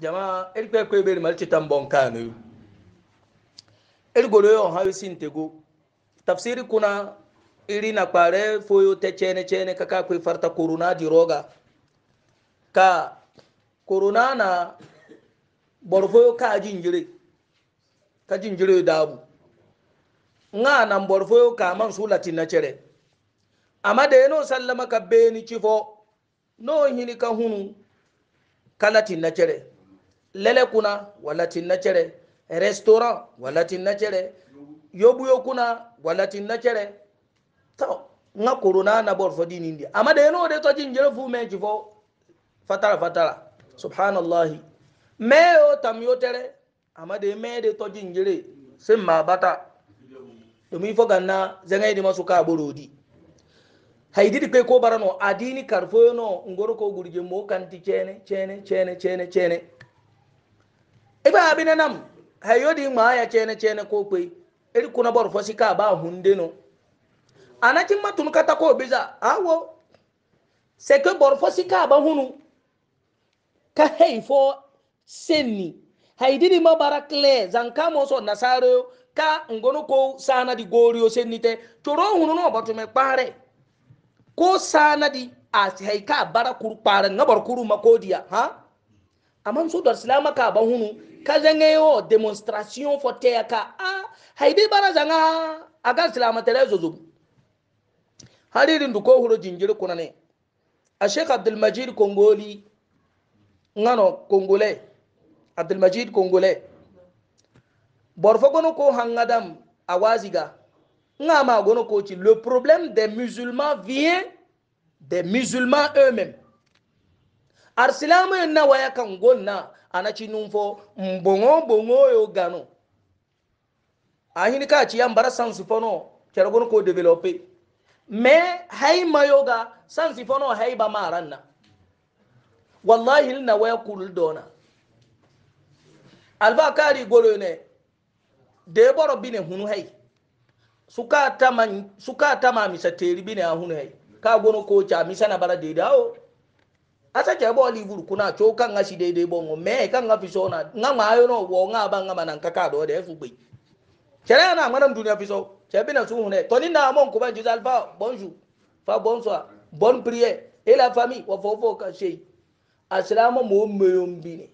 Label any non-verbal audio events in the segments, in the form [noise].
jama erikpe kwe beri mali chita mbon kano yu erigoro yo hayo sintego tafsiri kuna iri na kpare foyo te chene chene kaka kwe farta corona di roga ka corona na borfoyo ka jinjire ka jinjire dabu nga na borfoyo ka man su latin na chere ama da yano sallama ka beni chifo no hini ka hunu kalatin na chere lele kuna walatin na cere restaurant walatin na cere yobuyo kuna walatin na cere to nga corona na bor fo dini de no de to jin jere fu me ji fo fatara fatara subhanallah me o tam yo tere ama de me de to jin jere sin ma bata domin fo ganna zangai di masu ka borodi haididi pe ko barano adini karfo no ngoro ko gurje mo kanti cene cene cene cene cene iba abin nam hayo di ma ya chene chene ko pe iri kuna bor fosi ka ba hunde no anakin matun kata ko biza awo se ke bor fosi ka ba hunu ka hey fo senni haidini ma barakle zanka mo so nasaro ka ngono ko sana di gorio senni te toro hunu no me pare ko sana di as hay ka barakuru pare ngabor kuru makodiya ha aman so dor silama ka ba hunu demonstration fo ka a haide bara zanga aga silama tele zo ko ne a sheikh abdul majid kongoli ngano kongole majid kongole borfo ko hangadam awaziga nga ma gono ko ci le problème des musulmans vient des musulmans eux-mêmes arsilama yanna waya kan na anaci numfo mbongo bongo yo gano ahini ka ci yambara sansu fono kergon ko develope mais hay mayoga sansi fono hay ba na, wallahi na waya kul dona alba kari golo ne de boro bine hunu hai, suka tama suka tama misa teri bine hunu hai, ka gono ko cha misa na bara de asa cha bo libur kuna cho kan nga si dede bongo me kan nga fiso na nga ma ayo no wo nga ba nga manan kaka do de fu gbe chere na ngana dunia fiso che bi na su hune to ni na mon ko ba alfa bonjour fa bonsoir bonne prière et la famille wa fo fo ka sey aslama mo meyon bine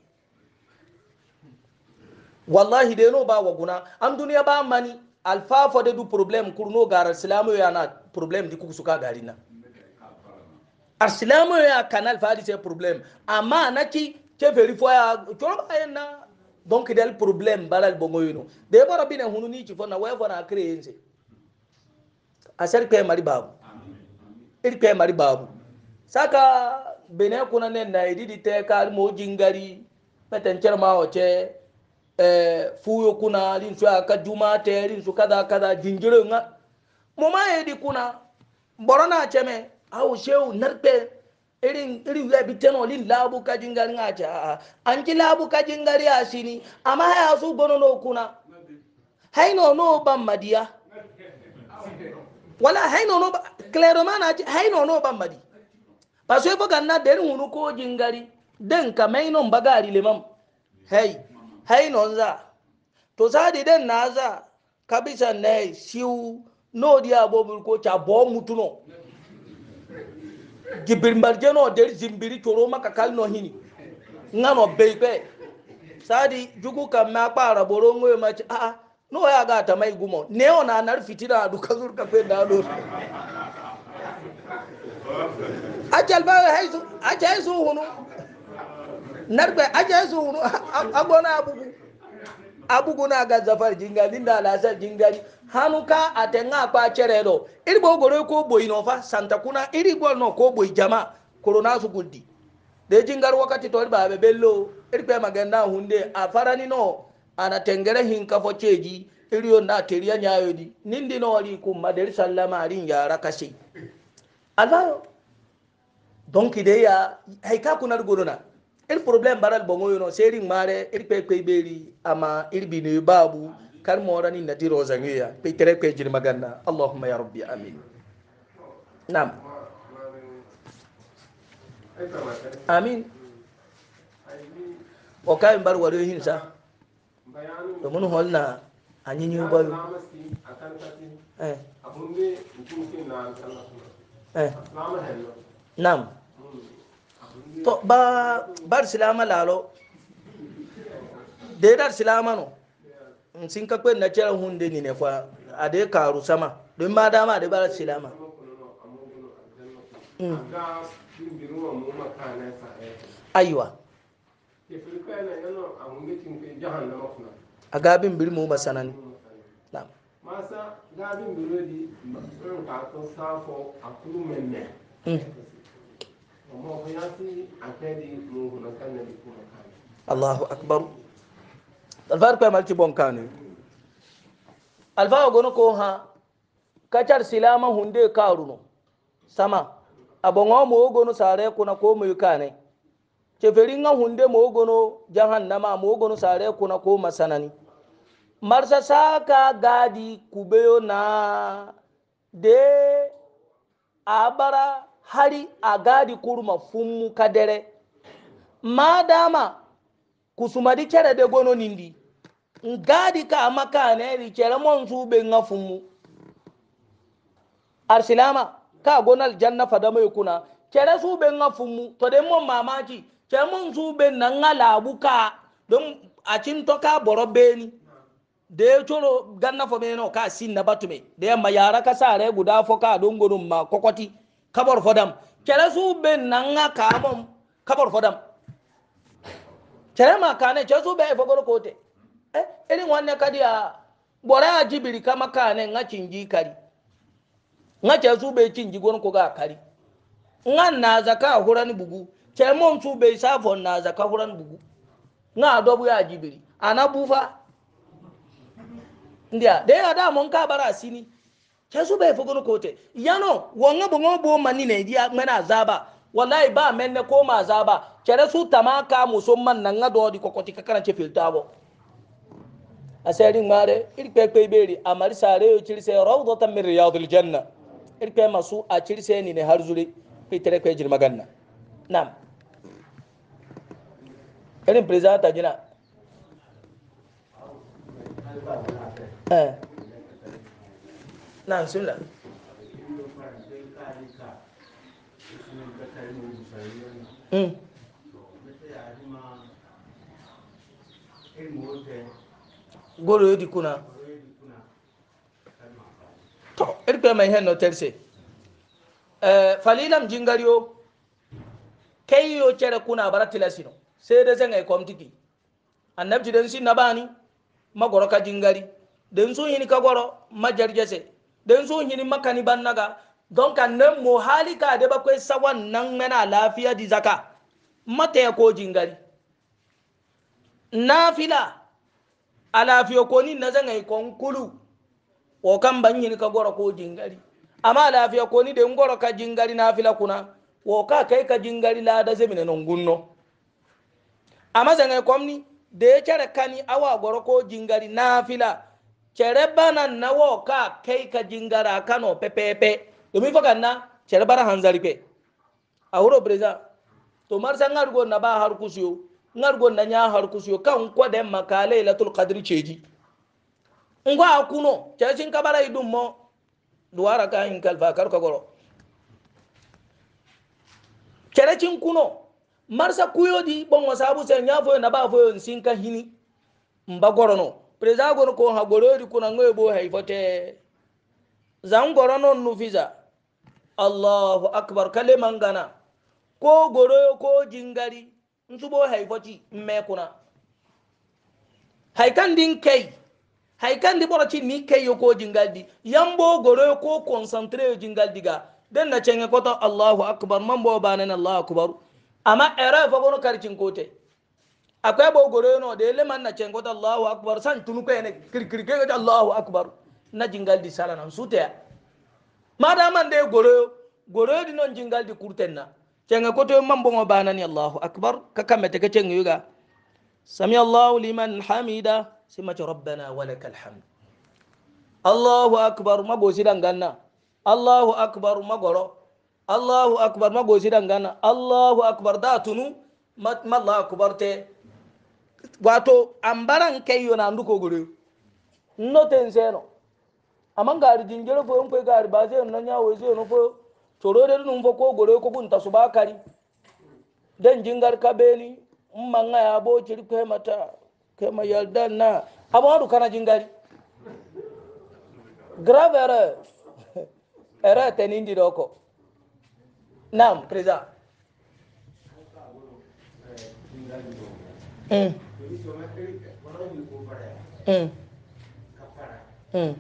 wallahi de no ba wa guna am duniya ba mani alfa fo de du problem kurno gar aslama yana problem di kuku suka garina Asilamu ya kanal fadi c'est problème amma naki ke veri foya choro ba na donc del problème balal bongo yino de bora bine hunu ni ci fona way fona créense asar kay mari babu ir kay mari babu saka bene kuna ne na ididi te kal mo jingari meten cerma o che eh fuyo kuna lin su aka juma te lin su kada kada jingiro nga mo ma yedi kuna borona cheme awo shehu narpe irin irin ya bi tano lin labu kajin garin aja. ca labu kajin gari asini. sini amma haya su gono no kuna Hai no ban madiya wala hai no claro mana Hai no ban madi ba sai buga na derin hunu ko jingari den ka mainon bagari limam Hai haino za to di den na za kabisa ne siu no dia bobul ko cha bo mutuno jibirmbalje no der zimbiri coro maka kal no hini ngano beipe sadi jugu kam ma para boro ngoy ma a a no ya ga ta mai gumo ne ona nar fitira du kazur ka pe dalo ajal ba haizu ajal su hunu narbe ajal su hunu agona abubu abuguna ga zafar jingari da lasar jingari hanuka atenga kwa cherero iri bo gore ko boy no fa santa kuna iri gol no ko boy jama corona su guddi de jingar wakati to ba be bello iri pe maganda hunde afarani no ana tengere hin ka fo cheji iri on na teriya nyayo di nindi no ali ku madar sallama rin yara kasi alayo donki de ya haika kunar guruna iri problem baral bongo yono seri mare iri pe pe beri ama iri binu babu kar mora ni nadi roza ngiya pe tere pe jiri magana allahumma ya rabbi amin nam amin o kai bar wari hinsa domin holna anyi yi bayu eh, eh. nam to ba bar silama lalo da dar silama no sin ka kwen na cera hunde ni ne kwa a da karu sama don ma dama da bar silama hmm. aiwa a gabin birmu masanani na'am masa gabin birodi ka to safo a kuru menne hmm allahu akbar alfar kwe malci bonkani alfa gono ko ha kacar silama hunde karuno sama abongo mo gono sare kuna ko mu yukane keferin nga hunde mo gono jahannama mo gono sare kuna ko masanani marsa saka gadi kubeyo na de abara hari a gaadi kuruma fummu kadere ma dama kusumadi kerede gononindi ngaadi ka makaneri cere monsuɓe ŋa fummu arsilama ka gonal janna fadamayi kuna cere suɓe ŋa fummu toden mo mamaki cere monsuɓe na ŋa labu ka don acinto ka boro beni dee coro ganna fo meno ka sinna batume deyamma yara ka sare guda fo ka don gonun ma kokoti kabar fodam kele su be nanga kamom kabar fodam kele ma kane kele su be e fogoro kote eh eni wanne kadi a bore a jibiri kama kane nga cinji kari nga kele su be cinji gon ko ga kari nga na zaka huran bugu kele mom su be safon na zaka huran bugu nga adobu ya jibiri ana bufa ndia de ada mon ka bara sini kesu bai fi gurko te yano wanga bungo bo mani ne dia mana zaba wallahi ba men ne ko ma zaba kere su tamaka musumman nan ga do di kokoti ka karance filtabo asarin mare irpe pe beri amari sare yo kirse rawdatan min riyadil janna irpe masu a kirse ni ne har zuri fitere ko jirma ganna nam irin president ta jina eh Na'am bismillah. Mm. goro yodi kuna to irkwe mai hen no terse eh falilam jingariyo kayo cere kuna baratila sino sai da zan ai komtiki annabji dan sin nabani magoro ka jingari dan so yin ka goro majarjese don so hini makani ban naga don kan nan mo halika da bakwai sawan nan mana lafiya di zaka mata ya ko jingari nafila a lafiya ko ni na zan yi konkulu o kan ban hini ka gora ko jingari amma lafiya ko ni da in gora ka jingari nafila kuna wo ka kai ka jingari lada zai mina nan gunno amma zan yi komni da ya kani awa gora ko jingari nafila cere bana nawo ka kai ka jingara kano pepepe domin fa kanna cere bara hanzari pe a wuro breza to mar san ngargo na ba har kusiyo ngargo na nya har kusiyo kan kwa da makale latul qadri ceji ngwa akuno cere kabara idum mo duwara ka in kalfa kar ka goro cere cin kuno marsa kuyo di bon wasabu sen nya foyo na ba foyo sin ka hini mbagorono président gon ko ha gorori kuna ngoy bo hay zangoro non nu visa allahu akbar kale mangana ko goroyo ko jingari nsubo hay foti me kuna hay kan din kai hay kan di borati ni kai yo ko jingaldi yambo goroyo ko concentré yo jingaldi ga den na cenge koto allahu akbar mambo bo banen allahu akbar ama era fa gono karcin kote akwai bo gore no da le man na cengo da Allahu akbar san tunu ko ne kirkir ke da Allahu akbar na jingal di sala nan sute mada man de gore gore di non jingal di kurten na cenga ko to man bongo bana ni Allahu akbar ka kamete ka cengo yuga sami Allahu liman hamida sai mace rabbana walakal hamd Allahu akbar magosi dangana Allahu akbar magoro Allahu akbar magosi dangana Allahu akbar da tunu ma Allahu akbar te wato ambaran kai yo na nduko gore no ten seno amman gari dingere fo yonko gari ba zai nan yawo zai no fo toro de nun fo ko gore ko kun tasu bakari den jingar kabeni mmanga ya bo ciri ko mata kema yalda na abadu kana jingari grave erreur [laughs] erreur tenindi doko nam président eh, mm. Mm. Mm. Mm.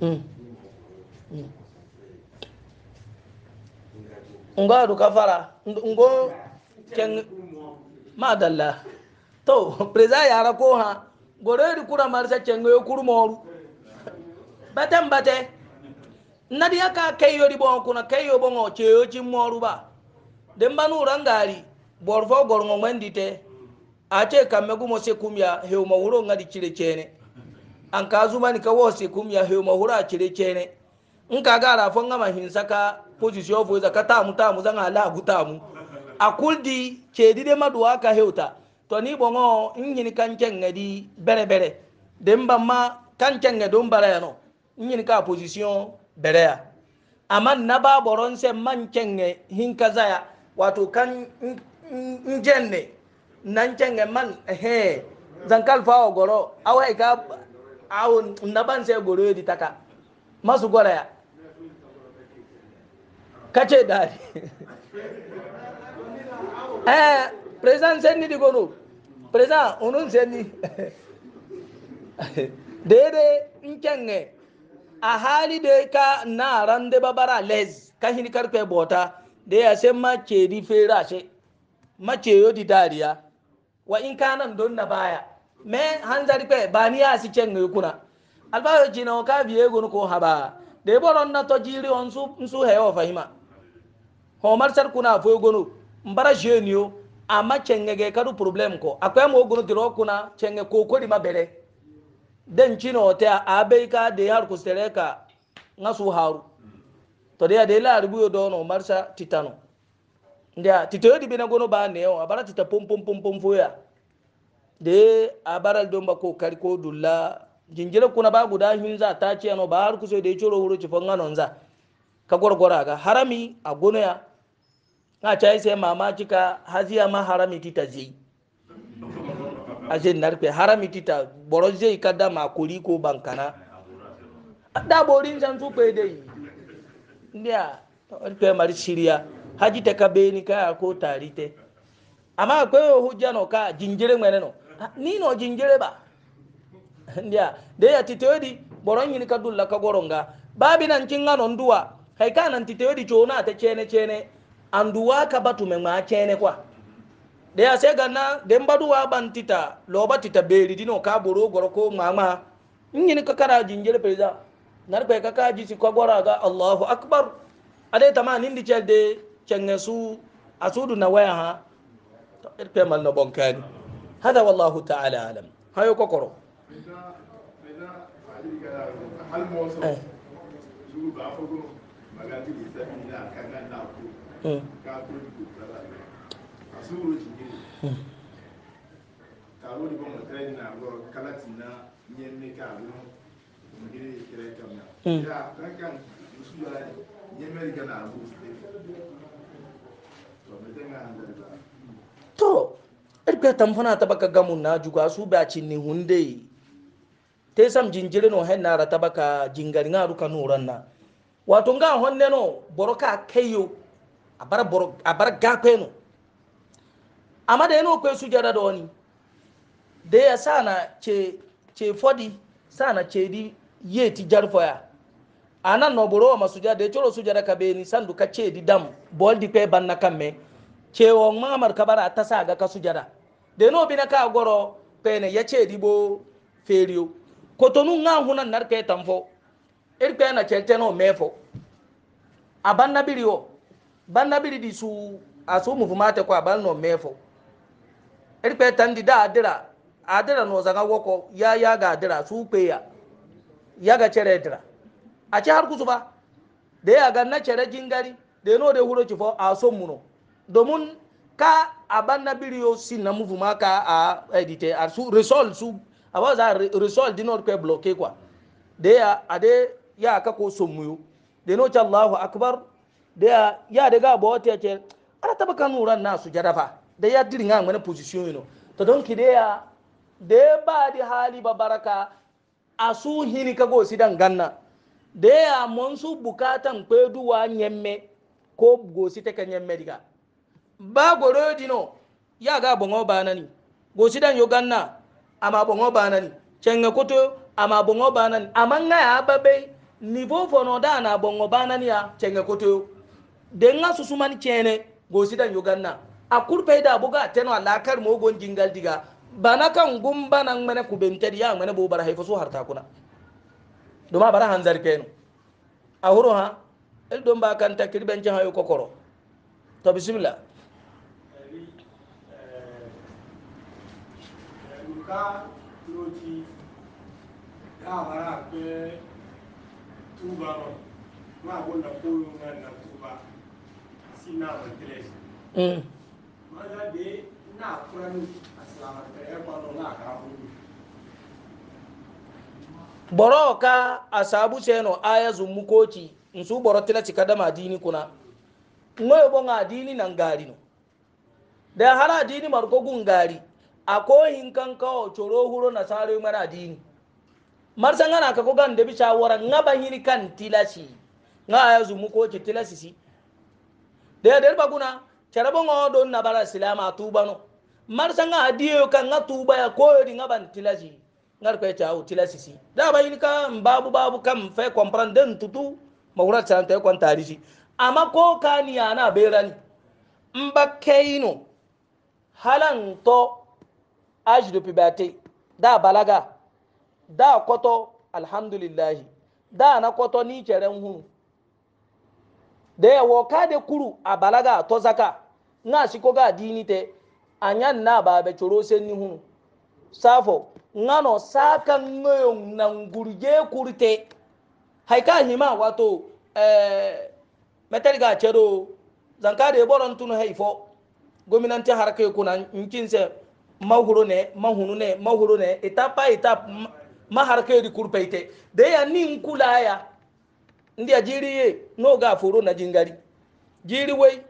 Mm. Mm. ngoru kafara ngo keng madalla to preza yara ko ha gore kura marsa kengo yo kurmoru batem bate nadi haka kayyo di bon kuna kayyo bon o cheyo chi moru ba den banu rangari borfo gorngo mendite ace kamme gumo se kumya hewma wuro ngadi cire cene an ka zumani ka wo se kumya hewma wuro a cire cene in ka gara fon ngama hinsa ka position fo za ka tamu tamu zan ala gu tamu a kuldi cedi de maduwa ka hewta to ni bongo in hini kan cenge di bere bere den bamma kan cenge don bara yano ka position bereya amma na ba boron se man kenge hin kazaya wato kan njenne nan kenge man he zankal fawo goro awa ga e awon na ban se goro yedi taka masu goraya kace dari [laughs] eh president ni di gono president onun ni, [laughs] dede nkenge a hali da ka na ran da babara les ka hin karfe bota da ya sai mace di fera she mace yo di dariya wa in kanan don na baya me hanzari pe ba ni ya si cen kuna albayo jina ka biye gun ko haba da boron na to jiri on su su he o fahima ho marsar kuna fo gonu mbara jenio ama cengege kadu problem ko akwai mo gonu diro kuna cenge ko ko di mabere den chino te abai ka de har kustere ka ngasu haru to de de la rubu do no marsa titano ndia tito yodi bina gono ba ne o abara tita pum pum pum pum foya de abara do mba ko kari ko dulla jingira kuna ba guda hinza ta ci ano ba har kuso de choro huru ci fonga nonza ka gorgora ga harami a gono ya na chai sai mama cika haziya ma harami tita zai ase narpe harami tita boroje ikada ma kori ko bankana da borin san su pe dai ndia pe mari siria haji te kabeni ka ko tarite ama akwai hujja no ka jinjere ngene no ni no jinjere ba ndia de ya titodi boron yin kadulla ka goronga babi nan kinga no duwa kai kana nan titodi chona te chene chene anduwa ka batu me chene kwa de ya gana ganna de mbadu wa bantita loba tita beri dino ka boro goro ko mama nyini ka kara jinjere preza nar pe ka kaji si ko gora ga Allahu akbar ade tama nindi chelde chenge su asudu na waya ha pe mal no bonkani hada wallahu ta'ala alam hayo kokoro Mm asuburo jigin ka ro dibo mo na ro kala tina nyen ne ka ro mo dire kere na ya kan kan su ya nyen me ga na ro to me te na to erbe tam fana tabaka gamun na juga su ba cin ni hunde te sam jinjire no hen na tabaka jingari ngaru kanuran na wato nga honne no boroka kayo abara boro abara gakwe no amma da yana kwe sujada da wani da ya sa na ce fodi sa na ce di ye ti jarfoya a nan noboro ma sujada ya coro sujada ka beni sandu ka ce di dam bol di kwe ban na kan me cewa mamar ka bara ta sa ga ka sujada da yana bi na ka goro pene ya ce di bo feriyo kotonu nga hunan narke tamfo irke er na chelteno mefo abanna biriyo banna biri di su asu mufumate kwa banno mefo irpe tandi da adira adira no zanga woko ya ya ga adira su peya ya ga cere adira a ci har kusu ba da ya ga na cere jingari da yano da wuro cifo a son muno domin ka a ban na biriyo si na mufu ma ka a edite a su resol su a ba za resol di nor kwe bloke kwa da ya a de ya ka ko son muyo da yano ci allahu akbar da ya ya daga abuwa ta ce ana taba kanuran nasu jadafa da ya diri ngang mana position you know to don ki ya de ba di hali ba baraka asu hini ka go sidan ganna de ya monsu bukatan pedu wa nyemme ko go site ka nyemme diga ba goro dino ya ga bongo banani go sidan yo ganna ama bongo banani cenga koto ama bongo banani amanga ya babe niveau fono da na bongo banani ya cenga koto de nga ni cene go sidan yo ganna a kurpeyda boga teno alla kar mogon jingal diga bana kan gumba nan mene ku bentedi ya mene bo bara hay fosu harta kuna duma bara hanzar kenu a huro ha el don ba kan takir benci hayo kokoro to bismillah ka lóti dábàárà pé túbà rọ máa bọ̀ nà kó ló ń nà túbà sí náà wà tẹ́lẹ̀ maza da na kuranu a silamarka ya kwano na kafin boro ka a sabu seno aya zummu koci in su boro tila cika da madini kuna ngoyo bon adini nan gari no da har adini marko gun gari a kohin kan kawo coro huro na sare mara adini mar san na ka kogan da bi shawara ngaba hini kan tilasi nga aya zummu koci tilasi si da ya derba guna charabo ngodo na bara silama tuba no mar sanga adiyo kan nga tuba ya koyo di ngaban tilaji ngar ko ta u tilasi si da ba yin ka babu babu kam fe comprendre tutu mawura tan ta kon tarihi amma ko ka ni ana berani mbakaino halan to ajdu pibate da balaga da koto alhamdulillah da na koto ni keren hunu da yawo ka da kuru a balaga to zaka na siko ko ga dini te anyan na ba be choro sen ni hunu safo ngano saka ngoyon nan gurje kurte haika hima wato eh metal ga chero zanka da boron tunu haifo gominanti harka kuna nkinse mahuro ne mahunu ne mahuro ne itapa itap maharka yedi kurpeite de ya ni nkula ya ndi a jiri ye no ga furo na jingari jiri wai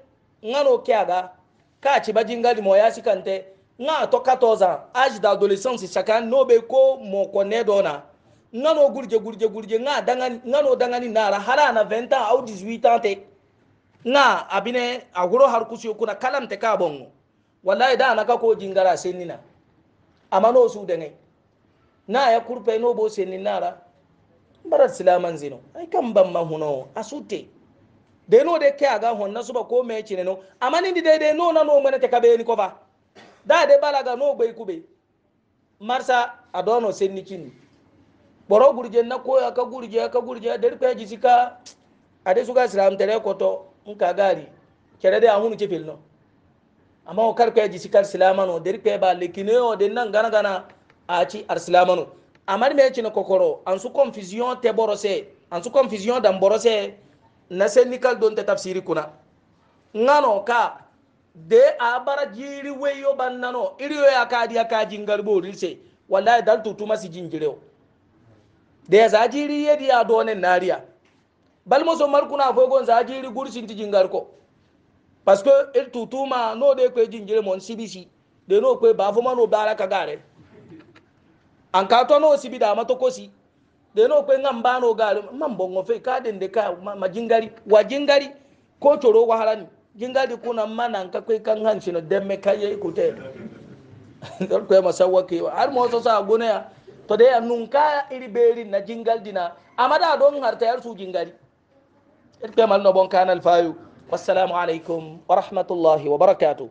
ngano kya ga ka ci ba jingari mo ya sikante nga to 14 age d'adolescence chaka no be ko mo kone dona ngano gurje gurje gurje nga dangani ngano dangani nara hala na 20 ans au 18 ans te nga abine aguro har kusiyo kuna kalam te ka bongo wallahi da anaka ko jingara senina amano su dengai na ya kurpe no bo seninara bara silaman zino ai kan ban man huno asute de no de ke aga honna suba ko me chine no amani ni de de no na no mene te kabe ni ko ba da de balaga no gbe kube marsa adono senni kini boro gurje na ko aka gurje aka gurje de ko ji sika ade suga silam tere koto nka gari kere de ahunu chepel no amma o kar ko ji sika silamano de ko ba lekine o de nan gana gana a ci arsilamano amari me cina kokoro an su confusion te borose an confusion dan borose na syndical don te tafsiri kuna ngano ka de abara bara jiri weyo bannano iriyo ya kadi aka jingal boril wallahi dal tutuma si jinjireo de za jiri yedi ya done nariya balmo so mar kuna fo gon za jiri gursin ti jingal parce que il tutuma no de kwe jinjire mon sibisi de no kwe ba no mano bara ka gare an ka to no si bi da mato kosi de no pe ngam ba no gari man bongo fe ka de de ka majingari wa jingari ko toro wa harani jingari kuna mana ka kai kan hanci no demme kaye ikute dol ko ma ke har mo so sa gune ya to de nun ka iri beri na jingal dina amada don harta yar su jingari et pe mal no bon kan al fayu والسلام عليكم ورحمة الله وبركاته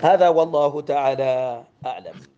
هذا والله تعالى أعلم